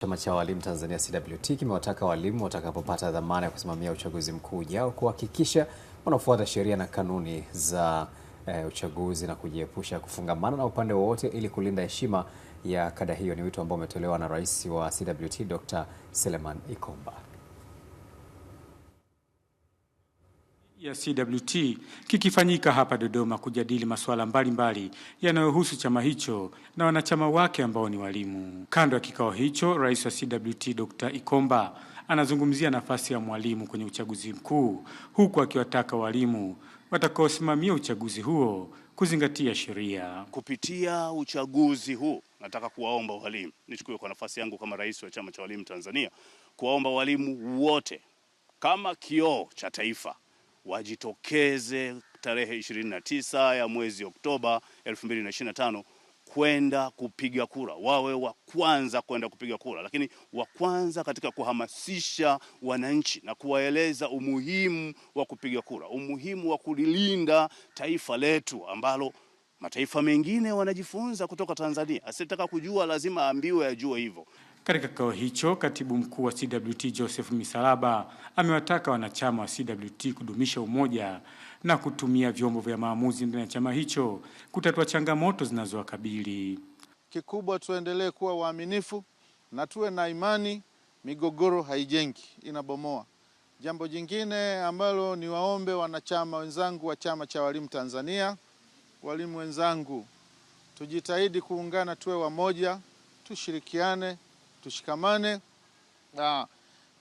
Chama cha walimu Tanzania CWT kimewataka walimu watakapopata dhamana ya kusimamia uchaguzi mkuu ujao kuhakikisha wanafuata sheria na kanuni za e, uchaguzi na kujiepusha kufungamana na upande wowote ili kulinda heshima ya kada hiyo. Ni wito ambao umetolewa na Rais wa CWT Dr. Seleman Ikomba. ya CWT kikifanyika hapa Dodoma kujadili masuala mbalimbali yanayohusu chama hicho na wanachama wake ambao ni walimu. Kando ya kikao hicho, rais wa CWT Dr. Ikomba anazungumzia nafasi ya mwalimu kwenye uchaguzi mkuu huku akiwataka walimu watakaosimamia uchaguzi huo kuzingatia sheria. Kupitia uchaguzi huu, nataka kuwaomba walimu, nichukue kwa nafasi yangu kama rais wa chama cha walimu Tanzania, kuwaomba walimu wote kama kioo cha taifa wajitokeze tarehe 29 ya mwezi Oktoba 2025 kwenda kupiga kura, wawe wa kwanza kwenda kupiga kura, lakini wa kwanza katika kuhamasisha wananchi na kuwaeleza umuhimu wa kupiga kura, umuhimu wa kulilinda taifa letu ambalo mataifa mengine wanajifunza kutoka Tanzania. Asitaka kujua lazima aambiwe ajue hivyo. Katika kikao hicho, katibu mkuu wa CWT Joseph Misalaba amewataka wanachama wa CWT kudumisha umoja na kutumia vyombo vya maamuzi ndani ya chama hicho kutatua changamoto zinazowakabili. Kikubwa tuendelee kuwa waaminifu na tuwe na imani. Migogoro haijengi, inabomoa. Jambo jingine ambalo ni waombe wanachama wenzangu wa Chama cha Walimu Tanzania, walimu wenzangu, tujitahidi kuungana, tuwe wamoja, tushirikiane tushikamane na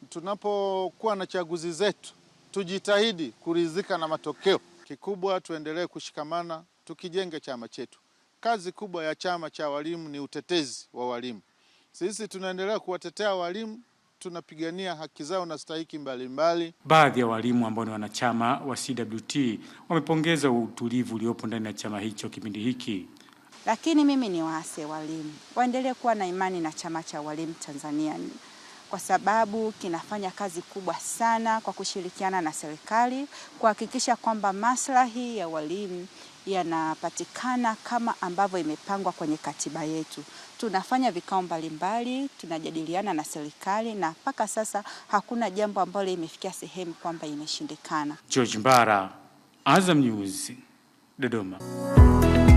tunapokuwa na chaguzi zetu tujitahidi kuridhika na matokeo. Kikubwa tuendelee kushikamana, tukijenge chama chetu. Kazi kubwa ya chama cha walimu ni utetezi wa walimu. Sisi tunaendelea kuwatetea walimu, tunapigania haki zao na stahiki mbalimbali. Baadhi ya walimu ambao ni wanachama wa CWT wamepongeza utulivu uliopo ndani ya chama hicho kipindi hiki. Lakini mimi ni waase walimu waendelee kuwa na imani na chama cha walimu Tanzania, kwa sababu kinafanya kazi kubwa sana kwa kushirikiana na serikali kuhakikisha kwamba maslahi ya walimu yanapatikana kama ambavyo imepangwa kwenye katiba yetu. Tunafanya vikao mbalimbali, tunajadiliana na serikali na mpaka sasa hakuna jambo ambalo imefikia sehemu kwamba imeshindikana. George Mbara, Azam News, Dodoma.